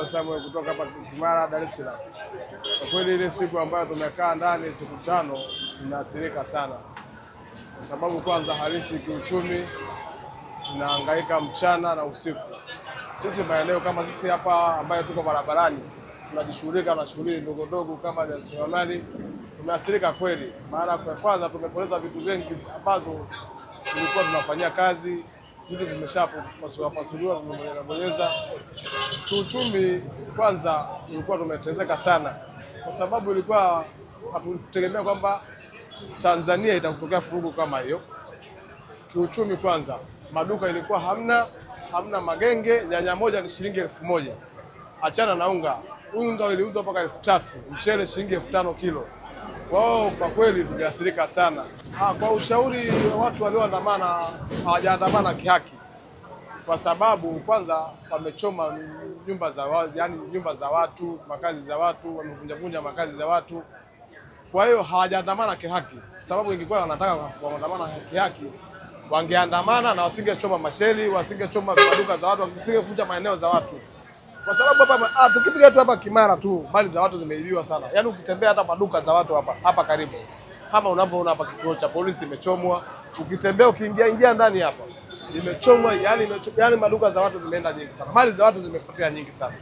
naitwa Samuel kutoka hapa Kimara, Dar es Salaam. Kwa kweli ile siku ambayo tumekaa ndani siku tano, tumeathirika sana, kwa sababu kwanza halisi kiuchumi, tunahangaika mchana na usiku. Sisi maeneo kama sisi hapa ambayo tuko barabarani, tunajishughulika na shughuli ndogo ndogo kama jasiriamali, tumeathirika kweli, maana kwa kwanza tumepoteza vitu vingi ambazo tulikuwa tunafanyia kazi vitu vimeshapasuliwa, vimebonyezabonyeza. Kiuchumi kwanza ulikuwa tumetezeka sana, kwa sababu ilikuwa hatutegemea kwamba Tanzania itakutokea furugu kama hiyo. Kiuchumi kwanza, maduka ilikuwa hamna, hamna magenge. Nyanya moja ni shilingi elfu moja achana na unga, unga uliuzwa mpaka elfu tatu mchele shilingi elfu tano kilo wao kwa kweli tuliathirika sana. Ha, ah, kwa ushauri watu walioandamana hawajaandamana kihaki, kwa sababu kwanza wamechoma nyumba za watu, yani nyumba za watu, makazi za watu, wamevunjavunja makazi za watu. Kwa hiyo hawajaandamana kihaki, sababu ingekuwa wanataka kuandamana kihaki wangeandamana na wasingechoma masheli, wasingechoma maduka za watu, wasingevunja maeneo za watu kwa sababu hapa ah, tukipiga tu hapa Kimara tu mali za watu zimeibiwa sana. Yaani ukitembea hata maduka za watu hapa hapa karibu, kama unavyoona hapa, kituo cha polisi imechomwa. Ukitembea ukiingia ingia ndani hapa imechomwa, yani, yani maduka za watu zimeenda nyingi sana, mali za watu zimepotea nyingi sana.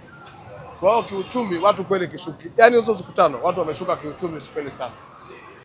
Kwa hiyo kiuchumi watu kweli kishuki, yani hizo zikutano watu wameshuka kiuchumi kweli sana.